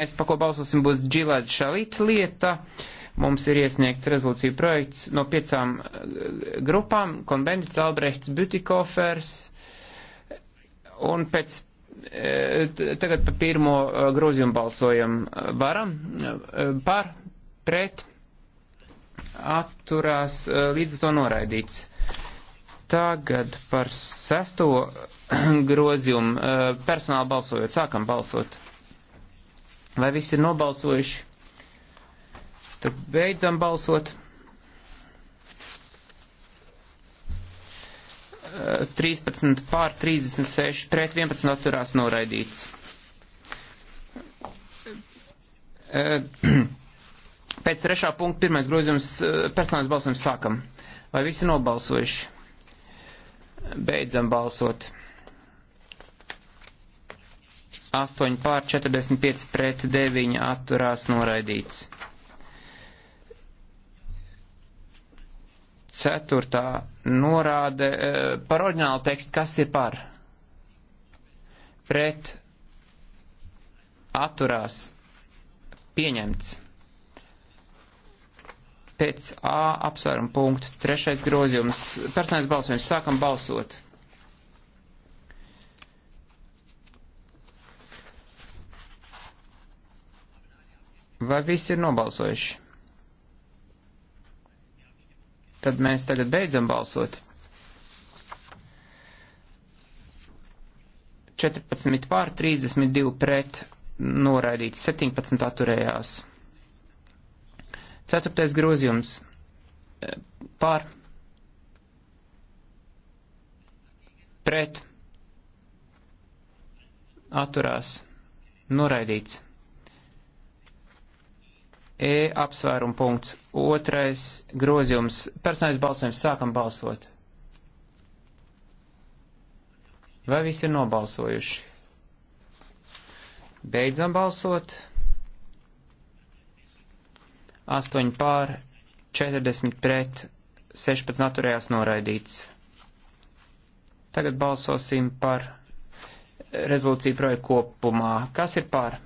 Mēs par ko balsosim būs Džilāģa Šalita lieta. Mums ir iesniegts rezolūcija projekts no piecām eh, grupām - Konbendits, Albrechts, Butikofers. Un pēc, eh, tagad par pirmo eh, grozījumu balsojam varam. Par, pret, atturās, līdz to noraidīts. Tagad par sesto grozījumu personāla balsojot. Sākam balsot. Vai visi ir nobalsojuši? Tad beidzam balsot. 13 eh, pār 36 pret 11 atturās noraidīts. Eh, pēc trešā punkta pirmais grozījums eh, personāls balsojums sākam. Vai visi nobalsojuši? Beidzam balsot. 8 pār 45 pret 9 atturās noraidīts. Ceturtā norāde eh, par oriģinālu tekstu, kas ir par? Pret atturās pieņemts. Pēc A apsvērumu punktu trešais grozījums. Personīgs balsojums. Sākam balsot. Vai visi ir nobalsojuši? Tad mēs tagad beidzam balsot. 14 pār 32 pret noraidīts, 17 atturējās. Ceturtais grozījums e, pār pret atturās noraidīts. E apsvērumu punkts. Otrais grozījums. Personais balsojums. Sākam balsot. Vai visi ir nobalsojuši? Beidzam balsot. 8 pār, 40 pret, 16 naturējās noraidīts. Tagad balsosim par rezolūciju projektu kopumā. Kas ir pār?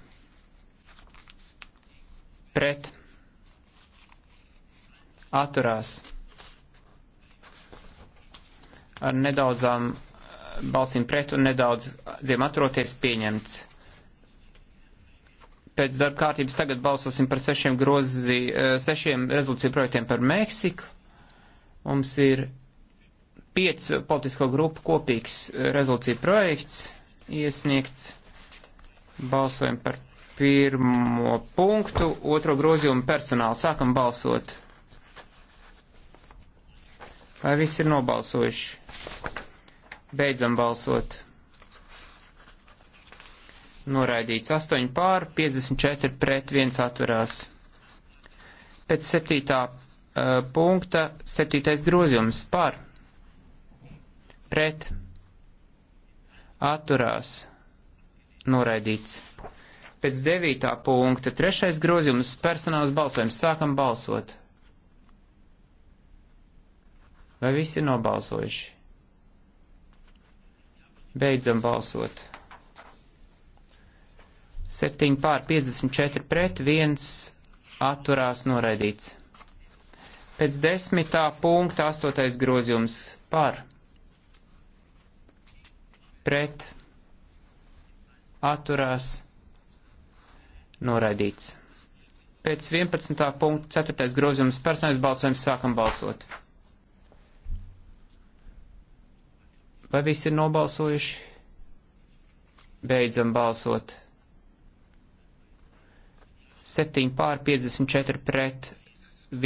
pret, atturās ar nedaudzām eh, balsīm pret un nedaudz dziem atroties pieņemts. Pēc darba kārtības tagad balsosim par sešiem grozi, eh, sešiem rezolūciju projektiem par Meksiku. Mums ir piecu politisko grupu kopīgs eh, rezolūciju projekts iesniegts. Balsojam par pirmo punktu, otro grozījumu personālu. Sākam balsot. Vai viss ir nobalsojuši? Beidzam balsot. Noraidīts 8 pār, 54 pret, 1 atverās. Pēc 7. Uh, punkta 7. grozījums par, pret, atturās, noraidīts. Pēc devītā punkta trešais grozījums personāls balsojums. Sākam balsot. Vai visi ir nobalsojuši? Beidzam balsot. 7 pār 54 pret 1 atturās noraidīts. Pēc desmitā punkta astotais grozījums par pret atturās noraidīts Noraidīts. Pēc 11. punkta 4. grozījums personais balsojums sākam balsot. Vai visi ir nobalsojuši? Beidzam balsot. 7 pār 54 pret,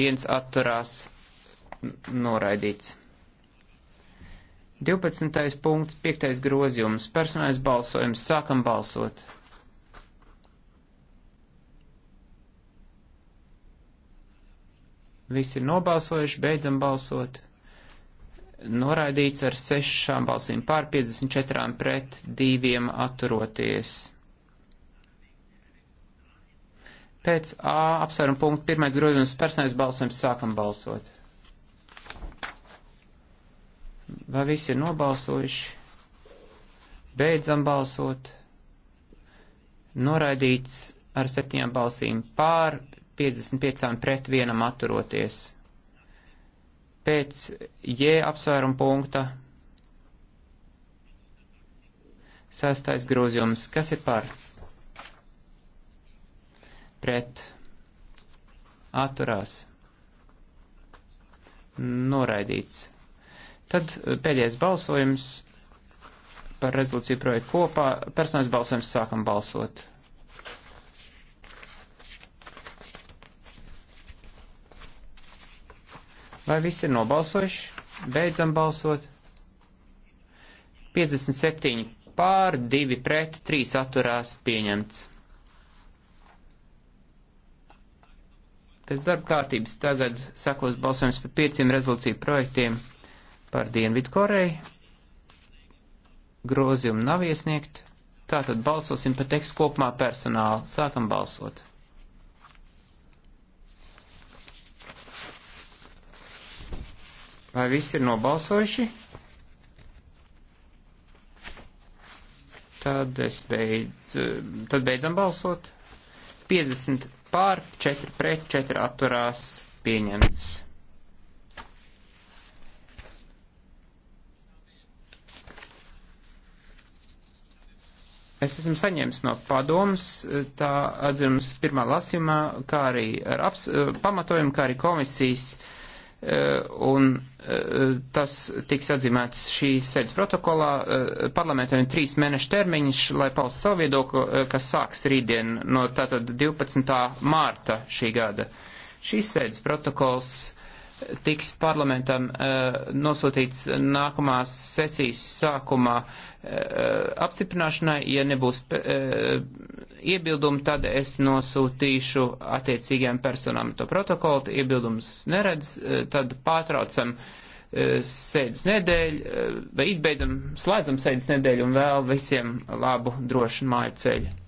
1 atturās, noraidīts. 12. punkts, 5. grozījums, personālais balsojums, sākam balsot. Visi ir nobalsojuši, beidzam balsot. Noraidīts ar sešām balsīm pār 54 pret diviem atturoties. Pēc A apsvērumu punktu pirmais grozījums personais balsojums sākam balsot. Vai visi ir nobalsojuši? Beidzam balsot. Noraidīts ar septiņām balsīm pār, 55 pret 1 atturoties. Pēc J apsvērumu punkta sastais grozījums. Kas ir par? Pret atturās. Noraidīts. Tad pēdējais balsojums par rezolūciju projektu kopā. Personas balsojums sākam balsot. Vai viss ir nobalsojuši? Beidzam balsot. 57 pār, 2 pret, 3 atturās pieņemts. Pēc darba kārtības tagad sakos balsojums par pieciem rezolūciju projektiem par Dienvidu Koreju. Grozījumu nav iesniegt. Tātad balsosim par tekstu kopumā personāli. Sākam balsot. Vai visi ir nobalsojuši? Tad es beidz, tad beidzam balsot. 50 pār, 4 pret, 4 atturās pieņemts. Es esmu saņēmis no padomas tā atzinums pirmā lasījumā, kā arī ar aps, pamatojumu, kā arī komisijas uh, Eh, un eh, tas tiks atzīmēts šīs sēdes protokolā. Eh, Parlamentam ir trīs mēnešu termiņš, lai paust savu viedokli, kas sāks rītdien no tātad 12. mārta šī gada. Šīs sēdes protokols tiks parlamentam uh, nosūtīts nākamās sesijas sākumā uh, apstiprināšanai. Ja nebūs uh, eh, iebildumi, tad es nosūtīšu attiecīgajām personām to protokolu. Iebildums neredz, uh, tad pārtraucam uh, sēdes nedēļu, vai izbeidzam, slēdzam sēdes nedēļu un vēl visiem labu drošu māju ceļu.